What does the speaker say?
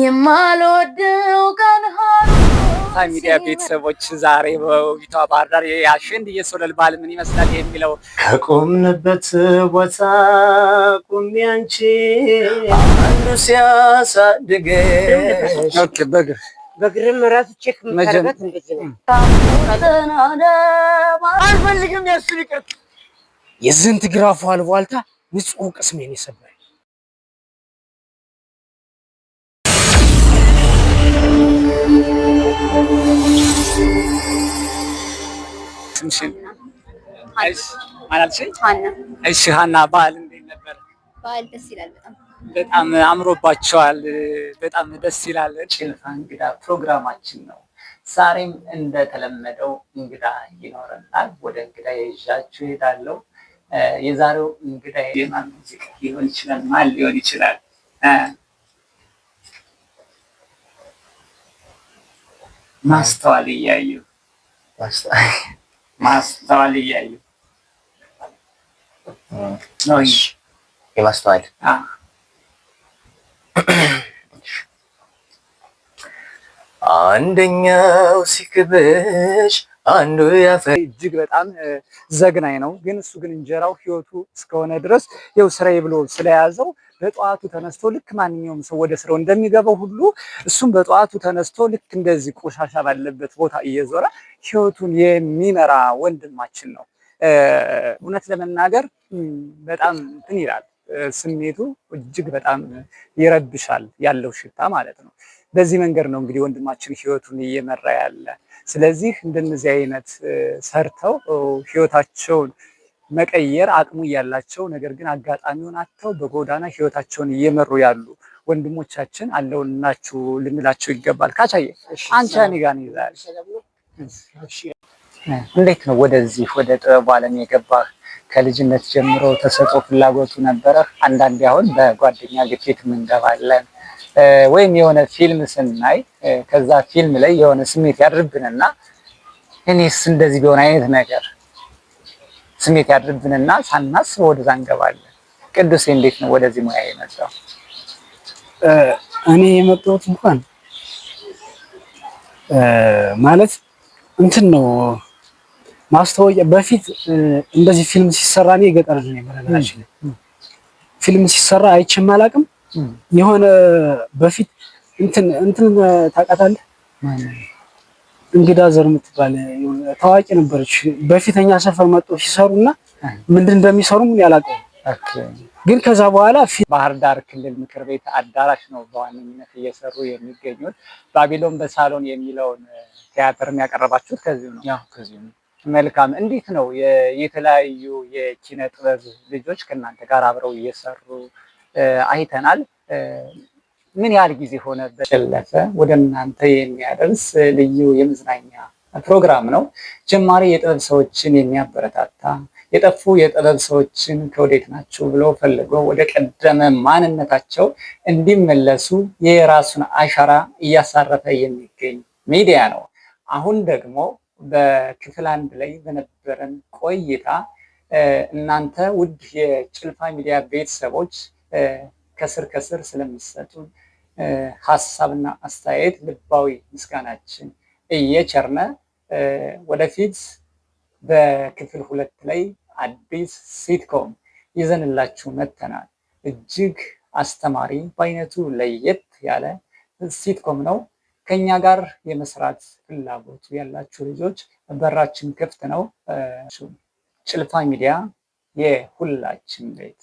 የማልወደው ቀን ሚዲያ ቤተሰቦች ዛሬ በውቢቷ ባህር ዳር የአሸንድ እየሶለል በዓል ምን ይመስላል የሚለው ከቆምንበት ቦታ ቁሚ አንቺ አንዱ ሲያሳድገ በግር በእግርም ራሱ ቼክ የምታደርገት እንደዚህ ነው። አልፈልግም ያሱን ይቅርት የዝንት ግራፉ አልቧልታ ንጹህ ቅስሜን የሰበረ ስምሽን? አላልሽኝ? እሺ ሀና፣ በዓል እንዴት ነበር? በዓል ደስ ይላል በጣም በጣም አምሮባቸዋል። በጣም ደስ ይላል። ጭልፋ እንግዳ ፕሮግራማችን ነው። ዛሬም እንደተለመደው እንግዳ ይኖረናል። ወደ እንግዳ ይዣችሁ እሄዳለሁ። የዛሬው እንግዳ የማን ሙዚቃ ሊሆን ይችላል? ማን ሊሆን ይችላል? ማስተዋል እያዩ ማስተዋል እያዩ ነው። የማስተዋል አንደኛው ሲክብሽ አንዱ እጅግ በጣም ዘግናኝ ነው። ግን እሱ ግን እንጀራው ህይወቱ እስከሆነ ድረስ ይኸው ስራዬ ብሎ ስለያዘው በጠዋቱ ተነስቶ ልክ ማንኛውም ሰው ወደ ስራው እንደሚገባው ሁሉ እሱም በጠዋቱ ተነስቶ ልክ እንደዚህ ቆሻሻ ባለበት ቦታ እየዞረ ህይወቱን የሚመራ ወንድማችን ነው። እውነት ለመናገር በጣም እንትን ይላል ስሜቱ፣ እጅግ በጣም ይረብሻል ያለው ሽታ ማለት ነው። በዚህ መንገድ ነው እንግዲህ ወንድማችን ህይወቱን እየመራ ያለ። ስለዚህ እንደነዚህ አይነት ሰርተው ህይወታቸውን መቀየር አቅሙ እያላቸው ነገር ግን አጋጣሚውን አጥተው በጎዳና ህይወታቸውን እየመሩ ያሉ ወንድሞቻችን አለውናችሁ ልንላቸው ይገባል። ካቻየ አንቺ እኔ ጋር ነው ይዛል። እንዴት ነው ወደዚህ ወደ ጥበቡ ዓለም የገባህ? ከልጅነት ጀምሮ ተሰጦ ፍላጎቱ ነበረ? አንዳንዴ አሁን በጓደኛ ግፊት እንገባለን ወይም የሆነ ፊልም ስናይ ከዛ ፊልም ላይ የሆነ ስሜት ያድርብንና እኔስ እንደዚህ ቢሆን አይነት ነገር ስሜት ያድርብንና ሳናስበው ወደዛ እንገባለን። ቅዱስ እንዴት ነው ወደዚህ ሙያ የመጣው? እኔ የመጣሁት እንኳን ማለት እንትን ነው ማስታወቂያ በፊት እንደዚህ ፊልም ሲሰራ እኔ የገጠር ነው ፊልም ሲሰራ አይቼም አላውቅም። የሆነ በፊት እንትን እንትን ታውቃታለህ? እንግዳ ዘር የምትባል ታዋቂ ነበረች። በፊተኛ ሰፈር መጥቶ ሲሰሩና ምንድን እንደሚሰሩ ምን ያላቀው ግን ከዛ በኋላ ባህር ዳር ክልል ምክር ቤት አዳራሽ ነው በዋነኝነት እየሰሩ የሚገኙት። ባቢሎን በሳሎን የሚለውን ቲያትር የሚያቀረባችሁት ከዚሁ ነው። መልካም። እንዴት ነው የተለያዩ የኪነ ጥበብ ልጆች ከእናንተ ጋር አብረው እየሰሩ አይተናል። ምን ያህል ጊዜ ሆነ በጨለፈ ወደ እናንተ የሚያደርስ ልዩ የመዝናኛ ፕሮግራም ነው። ጀማሪ የጥበብ ሰዎችን የሚያበረታታ የጠፉ የጥበብ ሰዎችን ከወዴት ናቸው ብሎ ፈልጎ ወደ ቀደመ ማንነታቸው እንዲመለሱ የራሱን አሻራ እያሳረፈ የሚገኝ ሚዲያ ነው። አሁን ደግሞ በክፍል አንድ ላይ በነበረን ቆይታ እናንተ ውድ የጭልፋ ሚዲያ ቤተሰቦች ከስር ከስር ስለምሰጡን ሀሳብና አስተያየት ልባዊ ምስጋናችን እየቸርነ ወደፊት በክፍል ሁለት ላይ አዲስ ሲትኮም ይዘንላችሁ መጥተናል። እጅግ አስተማሪ በአይነቱ ለየት ያለ ሲትኮም ነው። ከኛ ጋር የመስራት ፍላጎቱ ያላችሁ ልጆች በራችን ክፍት ነው። ጭልፋ ሚዲያ የሁላችን ቤት